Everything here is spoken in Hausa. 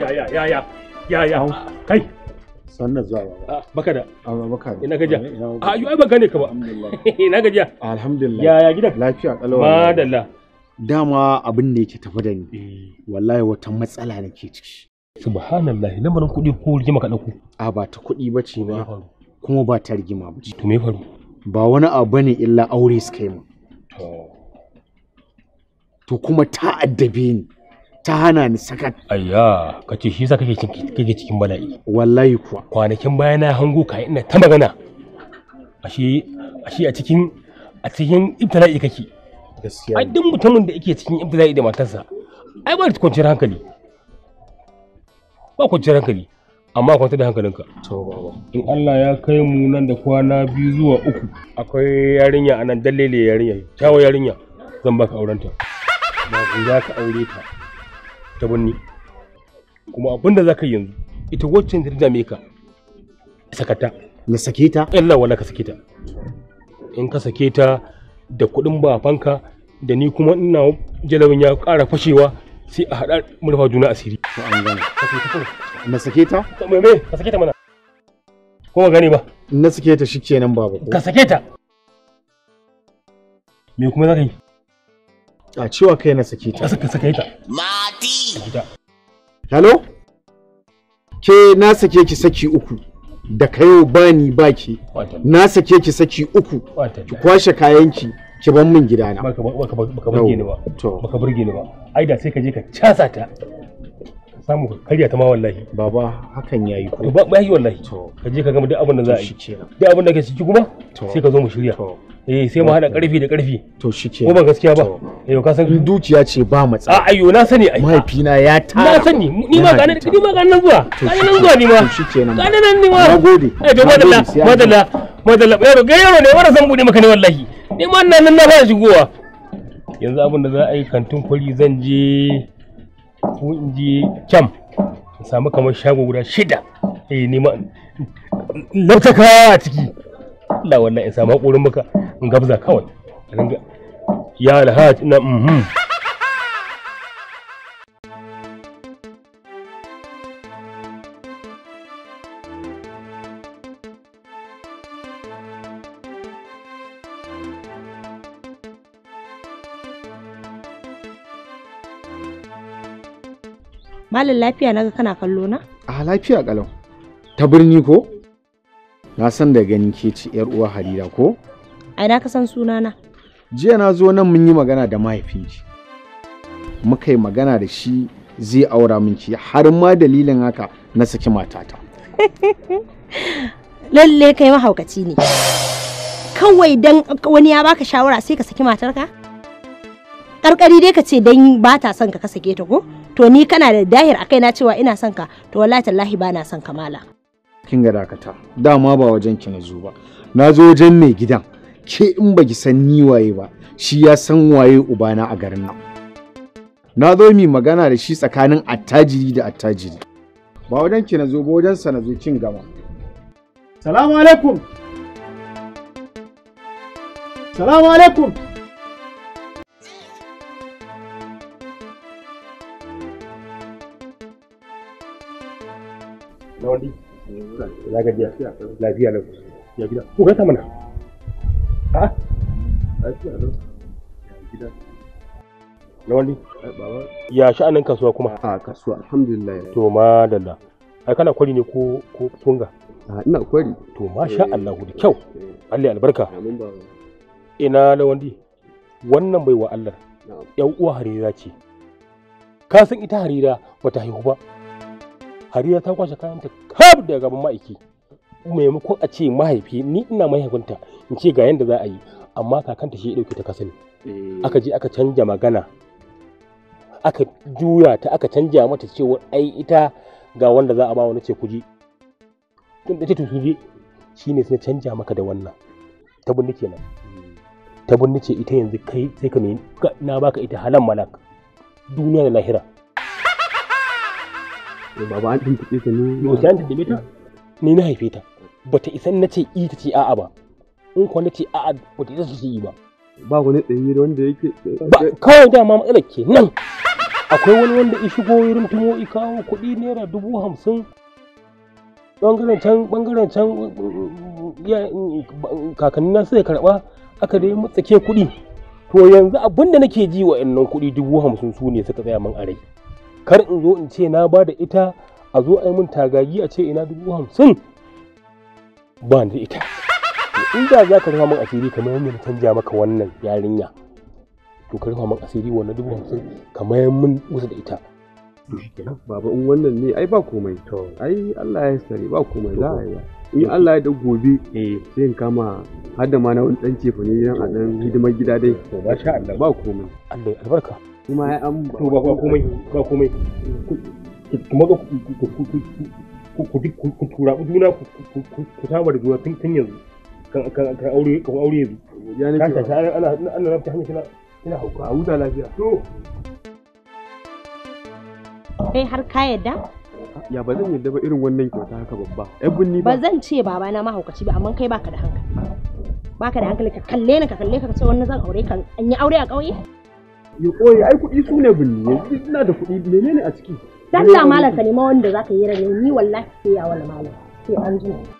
ya ya ya ya ya ya kai sannan zuwa baba ah, baka da baka ina gajiya a ah, yi baka ne ka ba ina gajiya alhamdulillah ya ya gidan lafiya kalawa madalla dama abin da yake tafi da ni eh. wallahi wata matsala ke ciki subhanallah lamarin kuɗi ko rigima ka ɗauko a ba ta kuɗi ba ce ba kuma ba ta rigima ba ce to me faru ba wani abu ne illa aure suka yi mu to kuma ta addabe ni ta hana ni sakat ayya kace shi yasa kake kake cikin bala'i wallahi kuwa kwanakin baya na hango ka ina ta magana ashe ashe a cikin a cikin ibtila'i kake gaskiya ai duk mutumin da yake cikin ibtila'i da matarsa ai ba kwanciyar hankali ba kwanciyar hankali amma kwanta da hankalinka to baba in Allah ya kai mu nan da kwana biyu zuwa uku akwai yarinya anan dallele yarinya Tawo yarinya zan baka aurenta ba za ka aure ta ta kuma abin da zaka yanzu ita waccan ta dame ka sakata na sake ta illa wala ka sake ta in ka sake ta da kuɗin bafanka da ni kuma ina jalawin ya ƙara fashewa sai a haɗa murfa juna asiri na sake ta me me ka sake ta mana ko gane ba na sake ta shikenan baba ka sake ta me kuma zaka yi a cewa kai na sake ta sake ta ma Hello? Ke na sake ki saki uku. Da yau bani baki. Na sake ki saki uku. Ki kwashe kayanki. ki ban min gidana. Baka burge ni ba. Baka burge ni ba. Aida sai ka je ka casa ta. samu ka karya ta ma wallahi baba hakan yayi ko to ba ba yi wallahi to ka je ka ga duk abin da za a yi duk abin da ke ciki kuma sai ka zo mu shirya eh sai mu hada karfi da karfi to shike ko ba gaskiya ba eh ka san dukiya ce ba matsa a ayo na sani ai mahaifina ya ta na sani ni ma ganin ni ma ga nan zuwa ganin nan zuwa ni ma ganin nan nan ni ma nagode eh to madalla madalla madalla yaro ga yaro ne wanda san bude maka ne wallahi ni ma nan nan na fara shigowa yanzu abin da za a yi kantin kuri zan je Ku in je kyam in samu kamar shago guda shida eh nema lautaka a ciki Allah wannan in samu hakurin maka in gabza kawai ya alhaji na mhm Malam lafiya naga kana kallo na? A lafiya kalau. Ta birni ko? Na san da gani ke ci yar uwa Harira ko? Ai na kasan sunana. Jiya na zo nan mun yi magana da mahaifinki. Muka yi magana da shi zai aura min ki har ma dalilin haka na saki matata. Lalle kai mahaukaci ne. Kawai dan wani ya baka shawara sai ka saki matarka? Karkari dai ka ce dan ba ta son ka ka sake ta ko? to ni kana da dahir a kaina cewa ina son ka to wallahi tallahi ba na son kamala kin ga dakata dama ba wajen ki na zo ba na zo wajen mai gidan ke in ba ki san ni waye ba shi ya san waye ubana a garin nan na zo mi magana da shi tsakanin attajiri da attajiri ba wajen ki na zo ba wajen sa na zo kin gama salamu alaikum salamu alaikum Lawali. Ina gajiya. Lafiya lau. Ya gida. Ko gaisa mana. a Lafiya lau. Ya gida. Lawali. Ya sha'anin kasuwa kuma. A kasuwa alhamdulillah. To ma madalla. Ai kana kwari ne ko ko tunga? ina kwari. To ma sha eh. Allah da kyau. Eh. Allah albarka. Ina Lawali. Wannan bai wa Allah. ‘Yan uwa harira ce, ka san ita harira bata haihu ba. hariya ta kwashe kayanta kaf daga gaban ma'aiki maimakon a ce mahaifi ni ina mahaifinta in ce ga yadda za a yi amma kakanta shi ya ɗauke ta kasali eh. aka je aka canja magana aka juya ta aka canja mata cewa ai ita ga wanda za a ba wani ce kuji tun da ta Shi shine sai canja maka da wannan ta bunni kenan ta bunni ce ita yanzu kai sai ka na baka ita halan malak duniya da lahira Baba an tuntuɓe ta ne. Yau an tuntuɓe ta? Ni na haife ta. Bata isan na ce i ta ce a'a ba. In kuwa na ce a'a bata isa ta ce i ba. Ba wani tsayi wanda yake. Ba kawai dama matsalar ke nan. Akwai wani wanda ya shigo wurin tumo i kawo kuɗi naira dubu hamsin. Bangaren can bangaren can kakanni na suka karɓa aka dai matsake kuɗi. To yanzu abinda nake ji wa 'yan kuɗi dubu hamsin su ne suka tsaya min a rai. kar in zo in ce na ba da ita a zo a yi min tagagi a ce ina dubu hamsin ba ni ita in da za ka rufa min asiri kamar yadda na canja maka wannan yarinya to ka rufa min asiri wannan dubu hamsin kamar yadda mun wasu da ita baba in wannan ne ai ba komai to ai Allah ya sani ba komai za a yi ba. in Allah ya da gobe eh. sai in kama har da ma na wani dan cefa ne a dan hidimar gida dai to ba sha Allah ba komai Allah ya albarka kuma ya an to ba komai ba komai kuma ku tura juna ku saba da juna tun yanzu kan aure kan aure yanzu ya ne ka ta ana ana rafa hannu kina kina hauka a huta lafiya to kai har ka yadda ya ba zan yadda ba irin wannan kyauta haka babba ai gunni ba zan ce baba na mahaukaci ba amma kai baka da hankali baka da hankali ka kalle ni ka kalle ka ce wannan zan aure kan an yi aure a ƙauye ya koyi ai kuɗi su ne binne yanzu ina da kuɗi menene a ciki dan la malam ka nema wanda zaka yi rane ni wallahi sai ya wala malam sai an ji